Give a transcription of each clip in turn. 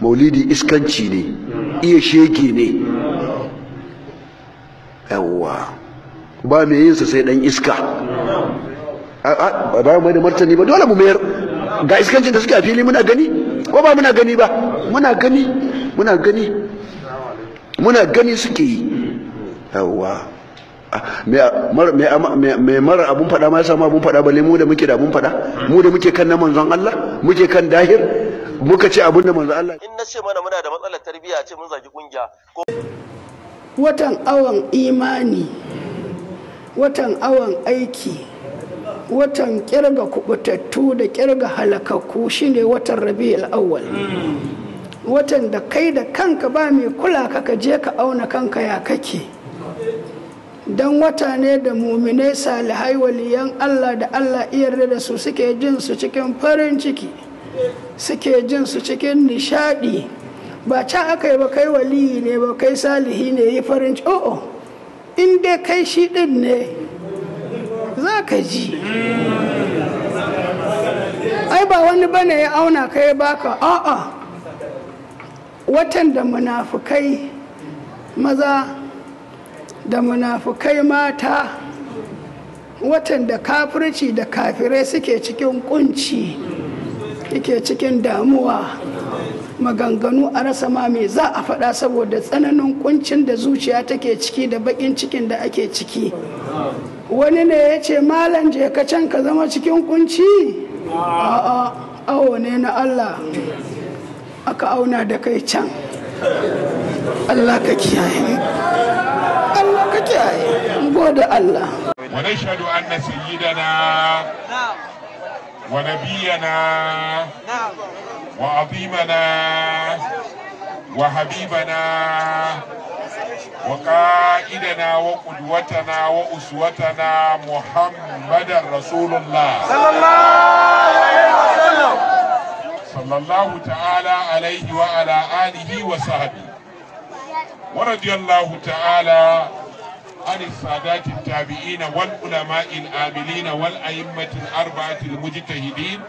maulidi iskanci ne iya shege ne yawwa ba mai yinsa sai dan iska ba za mu da martani ba dole mu mayar ga iskancin da suke a fili muna gani ko ba muna gani ba muna gani muna gani muna gani suke yi yawwa mai mara abun fada ma ya samu abun fada balle mu da muke da abun fada mu da muke kan na manzon Allah muke kan dahir muka ce abinda manzo Allah in na ce mana muna da matsalar tarbiyya ce mun zagi kungiya watan awon imani watan awon aiki watan kirga kubutattu da kirga halakakku shine watan rabi'ul awwal watan da kai da kanka ba mai kula ka je ka auna kanka ya kake don wata ne da muminai salihai waliyan allah da allah iya da su suke jin su cikin farin ciki suke jin su cikin nishadi ba can aka yi ba kai waliyi ne ba kai salihi ne yi farin o'o in dai kai shi din ne za ka ji ai ba wani bane ya auna kai ya baka a'a watan da munafukai maza da munafukai mata watan da kafirci da kafirai suke cikin kunci yake cikin damuwa maganganu a rasa ma me za a faɗa saboda tsananin kuncin da zuciya take ciki da baƙin cikin da ake ciki wani ne ya ce malam je ka can ka zama cikin kunci a'a awo ne na allah aka auna da kai can allah ka kiyaye allah ka kiyaye gode allah ونبينا وعظيمنا وحبيبنا وقائدنا وقدوتنا وأسوتنا محمد رسول الله صلى الله عليه وسلم صلى الله تعالى عليه وعلى آله وصحبه ورضي الله تعالى عن السادات التابعين والعلماء العاملين والأئمة الأربعة المجتهدين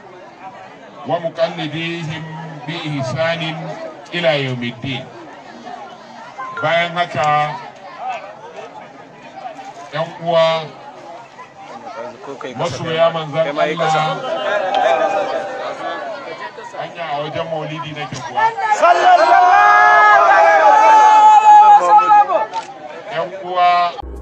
ومقلديهم بإحسان إلى يوم الدين bayan haka yan uwa masoya manzan Allah hanya a wajen maulidi nake kuwa kuwa